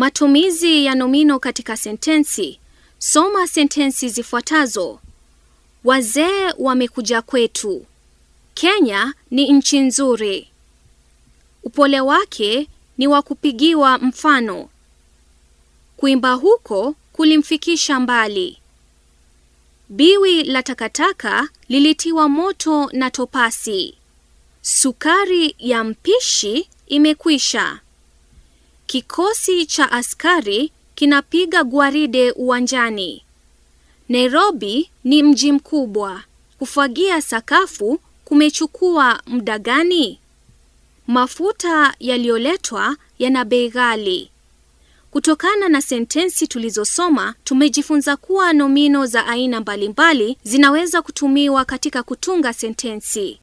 Matumizi ya nomino katika sentensi. Soma sentensi zifuatazo. Wazee wamekuja kwetu. Kenya ni nchi nzuri. Upole wake ni wa kupigiwa mfano. Kuimba huko kulimfikisha mbali. Biwi la takataka lilitiwa moto na topasi. Sukari ya mpishi imekwisha. Kikosi cha askari kinapiga gwaride uwanjani. Nairobi ni mji mkubwa. Kufagia sakafu kumechukua muda gani? Mafuta yaliyoletwa yana bei ghali. Kutokana na sentensi tulizosoma, tumejifunza kuwa nomino za aina mbalimbali zinaweza kutumiwa katika kutunga sentensi.